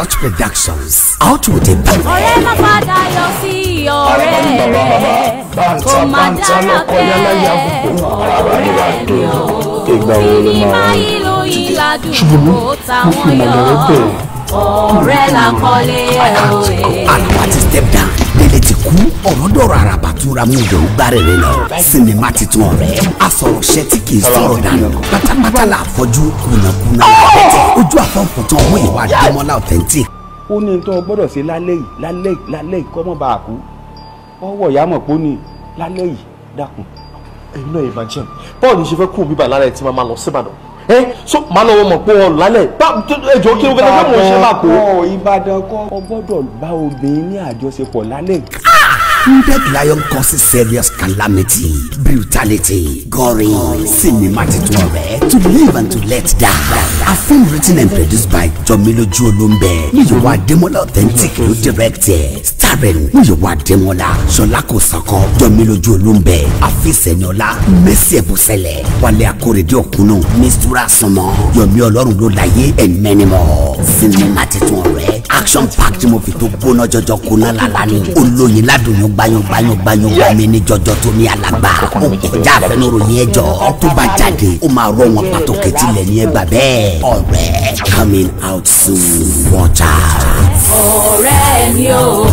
Scratch Productions out with a bang. ọ̀rẹ́ má padà yọ sí ọ̀rẹ́ rẹ̀ kò má dára bẹ́ẹ̀ ọ̀rẹ́ ni o sinimá ìlú ìlàdùn kò táwọn yọ ọ̀rẹ́ làkọlé ẹ̀ òye. àlùfáà ti step down délé ti kú ọ̀rọ̀ dọ̀rọ̀ àràbà tó ra mú ìdòwú gbárẹ̀ rẹ lọ sinimá titun ọ̀rẹ́ asọ̀rọ̀ṣẹ́ tí kì í sọ̀rọ̀ dànù pátápátá la kùnàkùnà oh! ojú pọ́ǹpù tó mú ìwà àdémọ́lá authentic. ó ní tó o gbọ́dọ̀ ṣe lálẹ́ yìí lálẹ́ yìí lálẹ́ yìí kọ́ mọ́ bá a kú ọwọ́ ìyá mọ̀ pé ó ní lálẹ́ yìí dákun. ẹ̀yin náà imagine paul ní ṣe fẹ́ kú bíbà lára ẹ̀ tí màá lọ síbàdàn ẹ so màá lọ mọ̀ pé wọn lálẹ́ ẹjọ́ kí ló fẹ́ lọ́wọ́ ṣe máa kó. ìbàdàn kọ́ ọ bá obìnrin ní àjọṣepọ̀ lálẹ́ Wounded lion causes serious calamity, brutality, gory, Cinematic titun rẹ̀ to live and to let die. A film written and produced by Jomiloju Olumbe, Niyowa Ademola Authentic ló direct ẹ̀. Starring Niyowa Ademola, Ṣọlá Kòsọ́kọ́, Jomiloju Olumbe, Afisẹ̀niọlá, Mercy Ebusẹlẹ̀, Wálé Akórèdé Òkúnnù, Mistura Sọmọ, Yomi Ọlọ́run ló láyé and many more. Cinema titun rẹ̀ action packed movie tó gbóná jọjọ kóná lala ni olóyin ládùnyún gbayan gbayan gbayan ní jọjọ tó ní alàgbà ó kọjá àfẹnuròyìn ẹjọ tó bá jáde ó máa rọ wọn pàtó kẹtì lẹni ẹ gbà bẹ́ẹ̀ ọ̀rẹ́ coming out soon watch out. ọ̀rẹ́ mi